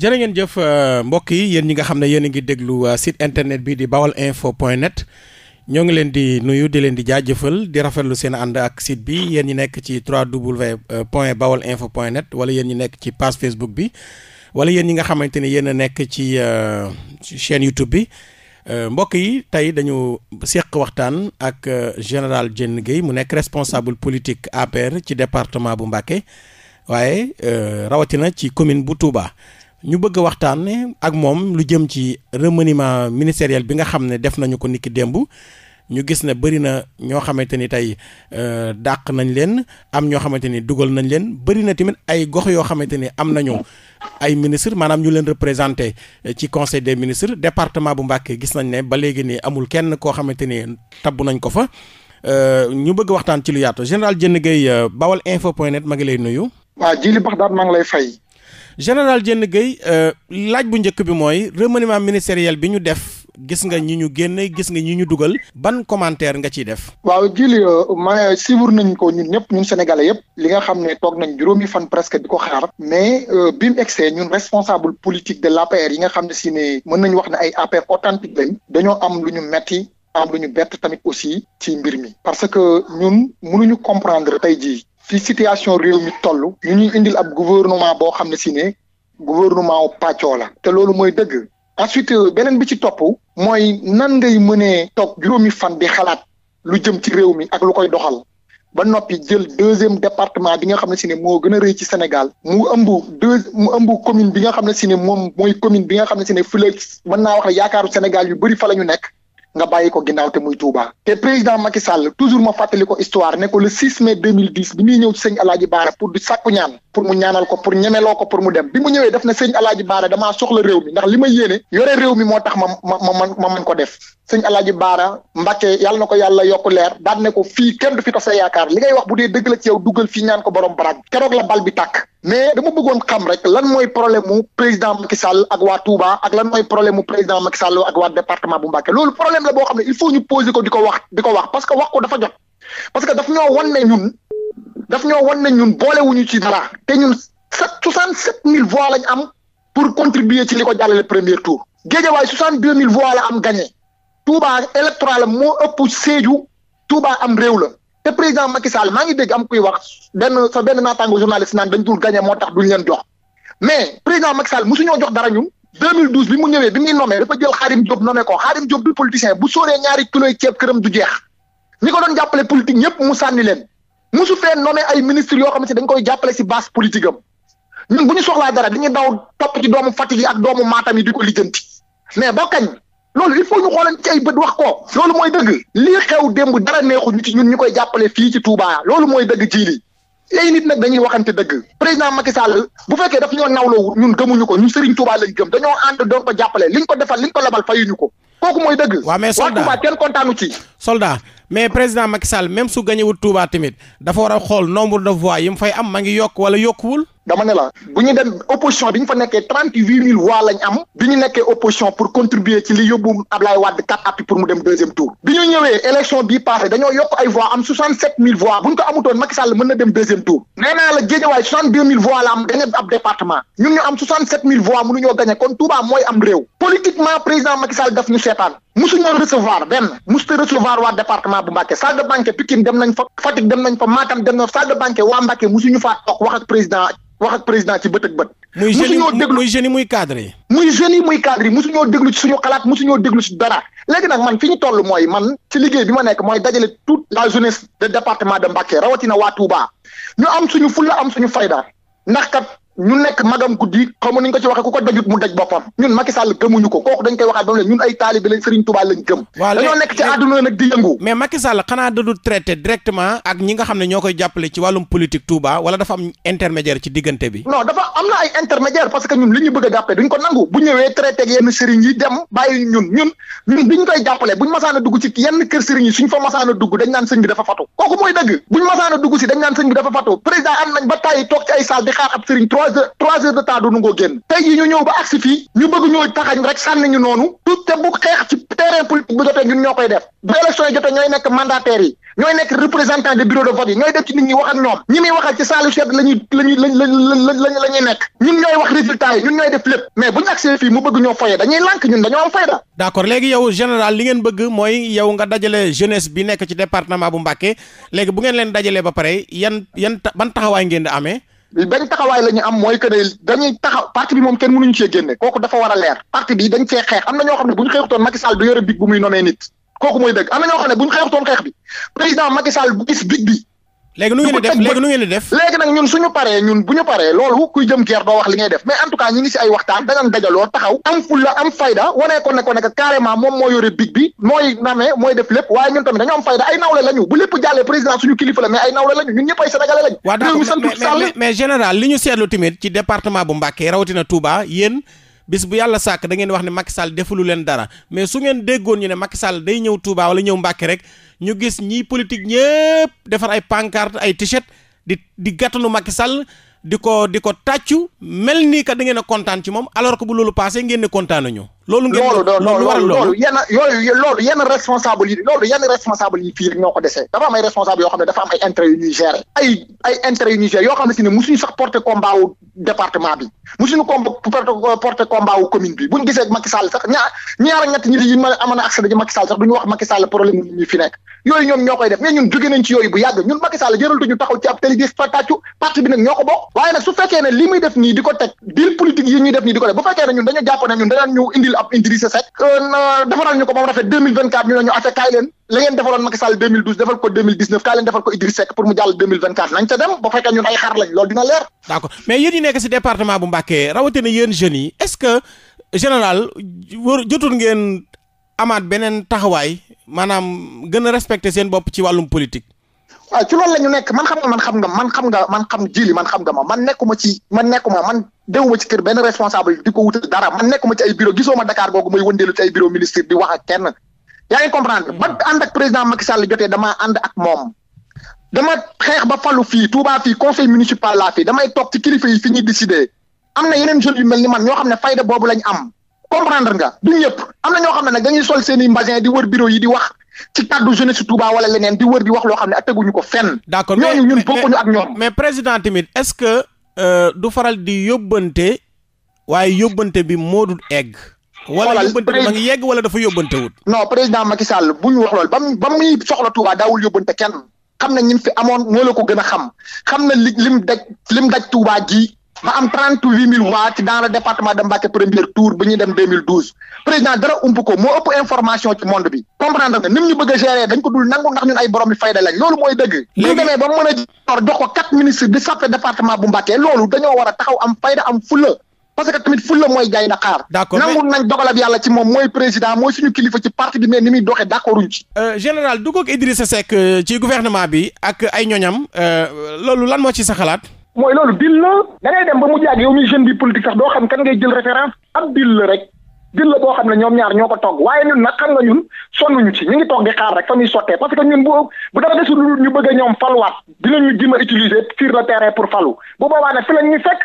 jërë ngeen jëf euh, mbokk yi yéen ñi nga xam ne yéen a ngi déglu euh, site internet bi di bawal info point net ñoo ngi leen di nuyu di leen di jaajëfal di rafetlu seen ànd ak site bi yéen ñi nekk ci 3w euh, point bawal info point net wala yéen ñi nekk ci page Facebook bi wala yéen ñi nga xamante ne yéen a nekk ci chaîne YouTube bi mbokk yi tey dañu seq waxtaan ak général Diène Gueye mu nekk responsable politique APR ci département bu Mbacké waaye rawatina ci commune bu Touba. ñu bëgg waxtaan waxtaan ak moom lu jëm ci remaniement ministériel bi nga xam ne def nañu ko niki démb ñu gis ne bëri na ñoo xamante ni tey euh, dàq nañ leen am ñoo xamante ni dugal nañ leen bëri na tamit ay gox yoo xamante ni am nañu ay ministre maanaam ñu leen représenté euh, ci conseil de ministres département bu Mbacké gis nañ ne ba léegi nii amul kenn koo xamante ni tabb nañ ko fa euh, ñu bëgg waxtaan ci lu yaatu général Diène Gueye Bawal info point net ma ngi lay nuyu. waaw lay fay. général Diène Gueye euh, laaj bu njëkk bi mooy remaniement ministériel bi ñu def gis nga ñi ñu génn gis nga ñi ñu dugal ban commentaire nga ciy def. waaw jili euh, ma suivre nañ ko ñun ñëpp ñun sénégalais yëpp li nga xam ne toog nañ juróomi fan presque di ko xaar mais euh, bi mu egsee ñun responsable politique de l'APR yi nga xam ne si ne mën nañu wax ne ay APR authentique lañ dañoo am lu ñu metti am lu ñu bett tamit aussi ci mbir mi parce que ñun mënuñu comprendre tey jii fi situation réew mi toll ñu ñuy indil ab gouvernement boo xam ne si ne gouvernement wu pàccoo la te loolu mooy dëgg ensuite beneen bi ci topp mooy nan ngay mënee toog juróomi fan di xalaat lu jëm ci réew mi ak lu koy doxal ba noppi jël deuxième département bi nga xam ne si ne moo gën a rëy ci Sénégal mu ëmb deux mu ëmb commune bi nga xam ne si ne moom mooy commune bi nga xam ne si ne fii mën naa wax ne yaakaaru Sénégal yu bëri fa la ñu nekk nga bàyyi ko ginnaaw te muy Touba te président Macky Sall toujours ma fàttali ko histoire ne ko le 6 mai 2010 bi muy ñëw ci sëñ pour di sàkku pour mu ñaanal ko pour ñemeloo ko pour mu dem bi mu ñëwee def na sëñ alaaji baara damaa soxla réew mi ndax li yéene yore réew mi moo tax ma ma ma man ma mën ko def sëñ alaaji baara mbàkke yàlla na ko yàlla yokku leer daan ne ko fii kenn du fi tasa yaakaar li ngay wax bu dee dëgg la ci yow duggal fii ñaan ko borom barag keroog la bal bi tàkk mais dama bëggoon xam rek lan mooy problème mu président Macky Sall ak waa Touba ak lan mooy problème mu président Macky Sall ak waa département bu Mbacké loolu problème la boo xam ne il faut ñu poser ko di ko wax daf ñoo wan na ñun boolewuñu ci dara te ñun sept soixante sept mille voix lañ am pour contribuer ci li ko jàllale premier tour Géejawaay soixante deux mille voix la am gagné Touba électoral moo ëpp Sédhiou Touba am réew la te président Macky Sall maa ngi dégg am kuy wax benn sa benn naataango journaliste naan dañ dul gagné moo tax duñ leen jox mais président Macky Sall mosu ñoo jox dara ñun 2012 bi mu ñëwee bi muy nommé dafa jël Xaarim Diop nommé ko Xaarim Diop du politicien bu sóoree ñaari kiloy ceeb këram du mu sànni leen mosu fee nommé ay ministre yoo xamante dañ koy jàppale si base politique am ñun bu ñu soxlaa dara dañuy daw topp ci doomu Fatick yi ak doomu Matam yi di ko lijjanti mais ba kañ loolu il faut ñu xoolan ci ay bët wax ko loolu mooy dëgg lii xew demb dara neexu ñu ci ñun ñu koy jàppale fii ci tuubaa loolu mooy dëgg ji li léegi nit nag dañuy waxante dëgg président Macky Sall bu fekkee daf ñoo nawloo ñun gëmuñu ko ñun Serigne Touba lañ gëm dañoo ànd doon ko jàppale liñ ko defal liñ ko labal fayuñu ko kooku mooy dëgg. waaw mais soldat waa Touba kenn kontaanu ci. soldat mais président Macky Sall même su gagné wut Touba dafa war a xool nombre de voix yi fay am ma ngi yokk wala yokkuwul. dama ne la bu ñu dem opposition bi ñu fa nekkee trente huit mille voix lañ am bi ñu nekkee opposition pour contribuer ci li yóbbu Ablaye Wade quatre appuis pour mu dem deuxième tour bi ñu ñëwee élection bii passé dañoo yokk ay voix am soixante sept mille voix bu ñu ko amutoon politiquement président Macky Sall daf ñu seetaan musuñoo recevoir benn musuta recevoir waa département bu Mbacké salle de banque Pikine dem nañ fa Fatick dem nañ fa Matam dem nañ fa salle de banque waa Mbacké musuñu faa toog wax ak président wax ak président ci bët ak bët. muy jeune muy jeune muy déglu suñu xalaat musuñoo déglu ci dara léegi nag man fi ñu toll mooy man ci liggéey bi ma nekk mooy dajale toute la jeunesse de département de Mbacké rawatina waa Touba ñu am suñu fulla am suñu fayda ndax kat ñu nekk magam guddi xaw ma nañu ko ci waxee ku ko dajut mu daj boppam ñun Macky gëmuñu ko kooku dañ koy waxaat ba mu ne ñun ay taalibe lañ Serigne Touba lañ gëm dafa am na ay intermédiaire parce que ñun li ñu bëgg a jàppale duñ ko nangu bu ñëwee traité ak yenn sëriñ yi dem bàyyi ñun ñun ñun bi ñu koy jàppale buñ masaan dugg ci yenn kër sëriñ yi suñ fa masaan dugg dañ naan sëñ bi dafa fatu kooku mooy dëgg buñ masaan dugg si dañ naan sëriñ trois heures de temps du nu génn tey yi ñu ñëw ba agsi fii ñu bëgg ñoo taxañ rek sànni ñu noonu tout te bu xeex ci terrain politique bu jotee ñun ñoo koy def bu élection yi jotee ñooy nekk mandataires yi ñooy nekk représentant des bureaux de vote yi ñooy dem ci nit ñi wax ak ñoom ñi muy waxal ci saalu sedd la ñuy la la la nekk ñun ñooy wax résultat yi ñun ñooy def lépp mais bu ñu agsee fii mu bëgg ñoo foyee dañuy lànk ñun dañoo am fayda d'accord léegi yow général ngeen bëgg mooy yow nga dajale jeunesse bi nekk ci département bu Mbacké léegi bu ngeen leen dajalee ba pare yan yan ban taxawaay ngeen di amee benn taxawaay lañu ñu am mooy que ne dañuy taxaw parti bi moom kenn mënuñu cee génne kooku dafa war leer parti bi dañ cee xeex am na ñoo xam ne bu ñu xeexutoon Macky Sall du yore big bu muy nomee nit kooku mooy dëgg am na ñoo xam ne bu ñu xeexutoon xeex bi président Macky bu gis big bi léegi nu ngeen def léegi nu ngeen def léegi nag ñun suñu paree ñun bu ñu paree loolu kuy jëm guerre wax li ngay def mais en tout cas ñi ngi si ay waxtaan da ngeen dajaloo taxaw am fulla am fayda wanee ko ne ko nekk carrément moom moo yore big bi mooy namee mooy def lépp waaye ñun tamit dañu am fayda ay nawle lañu bu lépp jàllee président suñu kilifa la mais ay nawle lañu ñun ñëpp ay sénégalais lañu réew mi sant Sall mais général li ñu seetlu tamit ci département bu Mbacké rawatina bis bu yàlla sàkk da ngeen wax ne Macky Sall defulu leen dara mais su ngeen déggoon ñu ne Macky Sall day ñëw Touba wala ñëw Mbàkke rek ñu gis ñii politique ñëpp defar ay pancarte ay t-shirt di di gàttanu Macky Sall di ko di ko tàccu mel ni que ngeen a kontaan ci moom alors que bu loolu passé ngeen ne kontaanuñu loolu loolu loolu yenn responsable yi loolu yenn responsable yi fii rek ñoo ko desee dafa am ay responsable yoo xam ne dafa am ay intérêt yu ay ay intérêt yooyu ñoom ñoo koy def mais ñun jóge nañ ci yooyu bu yàgg ñun Macky Sall jëral duñu taxaw bi nag ñoo ko bokk waaye nag su fekkee ne li muy def nii di ko teg deal politique yi ñuy def nii di ko def bu fekkee ne ñun dañu jàpp ne ñun dañu indil ab Idrissa Seck euh, defaral ñu ko moom rafet deux mille vingt quatre ñu ne ñu acca kaay leen la ngeen defaloon Macky deux mille douze defal ko deux mille dix neuf kaay leen defal ko Idrissa Seck pour mu jàll deux mille vingt quatre nañ ca dem ba fekkee ñun ay xar lañ loolu dina leer d'accord mais yéen yi ci département bu Mbacké rawatina yéen jeunes yi est jotul ngeen amaat beneen taxawaay maanaam gën a respecter seen bopp ci wàllum politique waaw ah, ci loolu la ñu nekk man xam nga man xam nga man xam nga man xam jili man xam nga ma man nekkuma ci man nekkuma man déwuma ci kër benn responsable di ko wutal dara man nekkuma ci ay bureau gisoo ma Dakar googu may wëndeelu ci ay bureau ministre di wax a kenn yaa ngi comprendre ba ànd ak président Macky Sall jotee damaa ànd ak moom dama xeex ba falu fii Touba fii conseil municipal laa fii damay toog ci kilifa yi fi ñuy décider am na yeneen jeunes yu mel ni man ñoo xam ne fayda boobu lañ am comprendre nga du ñëpp am na ñoo xam ne nag dañuy sol seen i mbasin di wër yi di wax ci kàddu jeunesse su Touba wala leneen di wër di wax loo xam ne ak teguñu ko fenn. d'accord ñooñu ñun bokkuñu ak ñoom. mais président tamit est-ce que euh, du faral di yóbbante waaye yóbbante bi moo dul egg. wala yóbbante bi ma ngi yegg wala dafa yóbbante wut. non président Macky Sall bu ñu wax loolu ba mu ba muy soxla Touba daawul yóbbante kenn xam na ñim fi amoon moo la ko gën a xam xam na li lim daj lim daj Touba ji. ma am trente huit mille voix ci dans le département de Mbacké premier tour ba ñuy dem deux mille douze président dara ump ko moo ëpp information ci monde bi comprendre nga ni ñu bëgg a a a am fayda am fulla parce mooy jaay Dakar. d'accord nangu nañ dogalab yàlla ci mooy président mooy suñu kilifa ci parti bi mais ni muy doxee d'accorduñ ci. Euh, général dugg ak Idrissa euh, ci gouvernement bi ak ay ñoñam euh, loolu lan moo ci sa xalaat. mooy loolu dil la da dem ba mu jaag yow mi jeune bi politique sax doo xam kan ngay jël référence ab dil rek dil boo xam ne ñoom ñaar ñoo ko togg waaye ñun nag xam nga ñun sonnuñu ci ñu ngi toog di xaar rek fa muy sottee parce que ñun bu bu dara desul lu ñu bëgg a ñoom faluwaat dinañu jima utiliser sur le terrain pour falu bu boobaa nag fi lañ ñuy fekk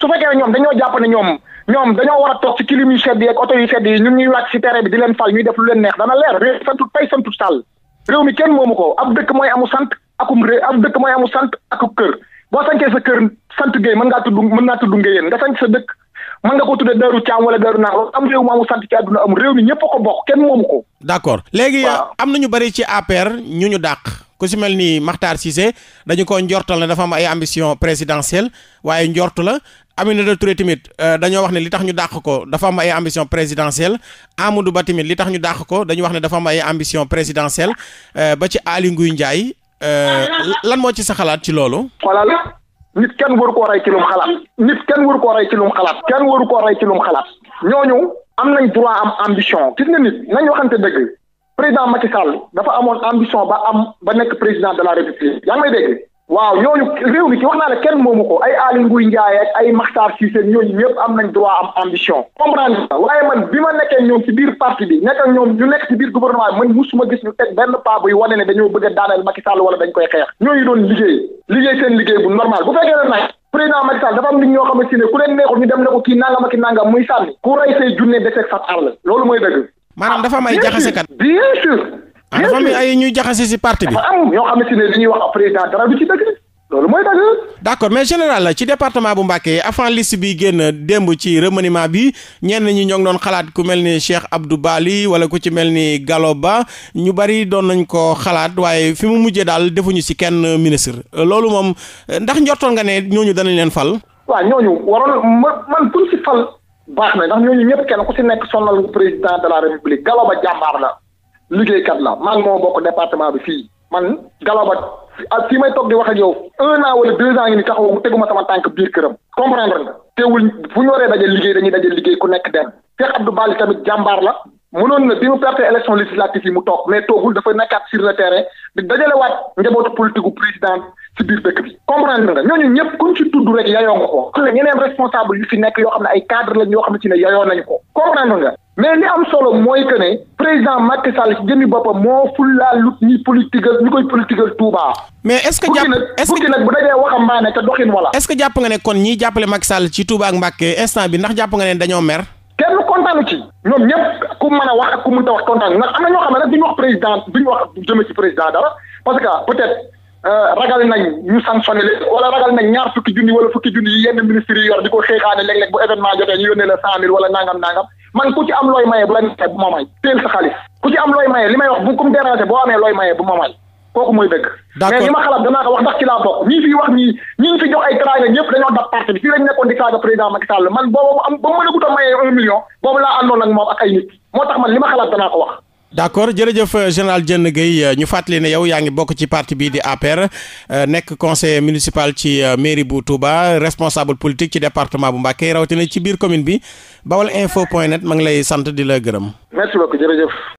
su fekkee ne ñoom dañoo jàpp ñoom ñoom dañoo war a toog ci clim yu sedd yi ak oto yu sedd yi ñun ñuy wàcc ci terrain bi di leen fal ñuy def lu ko ab dëkk mooy amu sant akum ré dëkk mooy amu sant akub kër boo sancee sa kër sant Guèye man ngaa tudd mën naa tudd Ngéyeen nga sanc sa dëkk mën nga ko tuddee Daaru Caam wala Daaru Naar am réew mu amul sant ci àdduna amul réew mi ñëpp ko bokk kenn moomu ko. d'accord léegi euh, am na ñu bari ci APR ñu ñu dàq. ko si mel nii Makhtar Cissé dañu ko njortal ne dafa am ay ambition présidentielle waaye njort la na Aminata Touré tamit euh, dañoo wax ne li tax ñu dàq ko dafa am ay ambition présidentielle Amadou Ba tamit li tax ñu dàq ko dañu wax ne dafa am ay ambition présidentielle euh, ba ci Aly Ndiaye Euh, lan moo ci sa xalaat ci loolu. xoolal nit kenn waru koo rey ci lum xalaat. nit kenn waru koo rey ci lum xalaat. kenn waru koo rey ci lum xalaat. ñooñu am nañ droit am ambition gis nga nit nañ waxante dëgg président Macky Sall dafa amoon ambition ba am ba nekk président de la république yaa ngi may waaw ñooñu réew mi ki wax naa ne kenn moomu ko ay Aly Ngouille Ndiaye ak ay Makhtar Cissé ñooñu ñëpp am nañ droit am ambition comprendre nga waaye man bi ma nekkee ñoom ci biir parti bi nekk ak ñoom ñu nekk ci biir gouvernement bi man musuma gis ñu teg benn pas buy wane ne dañoo bëgg a daaneel Macky Sall wala dañ koy xeex ñooñu doon liggéey liggéey seen liggéey bu normal bu fekkee ne nag président Macky Sall dafa am nit ñoo xamante ne ku ku rey say junne deseeg sa àll loolu mooy dëgg maanaam dafa may ah, jaxase ah dafa ay ñuy jaxase si parti bi. dafa am ñoo xamante ne li ñuy wax président dara du ci dëgg loolu mooy dëgg. d' accord mais général la ci département bu Mbacké avant liste bi génn démb ci remaniement bi ñenn ñi ñoo ngi doon xalaat ku mel ni Cheikh Abdou Bali wala ku ci mel ni Gallo Ba ñu bari doon nañ ko xalaat waaye fi mu mujjee daal defuñu si kenn ministre loolu moom ndax njortoon nga ne ñooñu danañ leen fal. waaw ñooñu waroon man pour si fal baax na ndax kenn ku si nekk sonal président liggéeykat la man moo bokk département bi fii man galaba ak fii may toog di wax ak yow un an wala deux ans ngi ni taxaw teguma sama tànk biir këram comprendre nga teewul fu ñu waree daje liggéey dañuy daje liggéey ku nekk dem Cheikh Abdou Bali tamit jàmbaar la mënoon na bi mu perte élection législative yi mu toog mais toogul dafa nekkaat sur le terrain di dajalewaat njabootu politique u président ci biir dëkk bi comprendre nga ñooñu ñëpp ku ci tudd rek yayoo nga ko xam ne ñeneen responsable yu yoo xam ne ay cadre lañ yoo xam ne ci ne yayoo nañu ko comprendre nga mais ni am solo mooy que ne président Macky Sall si jëmmi boppam moo fullaal lu ñuy politique ñu koy politique Touba. mais est ce que jàpp est ce que nag bu dajee waxambaane te doxin wala. est ce que jàpp nga ne kon ñiy jàppale Macky Sall ci Touba ak instant bi ndax jàpp nga ne dañoo mer. kenn kontaanu ci ñoom ñëpp ku mën a wax ak ku mënta wax kontaan ndax am na ñoo xam ne nag du wax président du wax jëmee ci président dara parce que peut-être euh, wala ragal nañ man ku ci am looy maye bu la neexee bu ma may teel sa xaalis ku ci am looy maye li may wax bu ku déranger boo amee looy maye bu ma may kooku mooy dëgg. mais li ma xalaat danaa ko wax ndax ci laa bokk ñii fi wax ñii ñi fi jox ay teraanga ñëpp dañoo dab parti fii lañ nekkoon di saaga président man boobu am ba mu mën a gut a maye un million boobu laa àndoon ak moom ak ay nit moo tax man li ma xalaat danaa ko wax d' accord jërëjëf euh, général Diène Gueye euh, ñu fàttali ne yow yaa ngi bokk ci parti bii di APR euh, nekk conseiller municipal ci mairie bu Touba responsable politique ci département bu Mbacké rawatina ci biir commune bi bawal info point net ma ngi lay sant di la gërëm. merci beaucoup jërëjëf.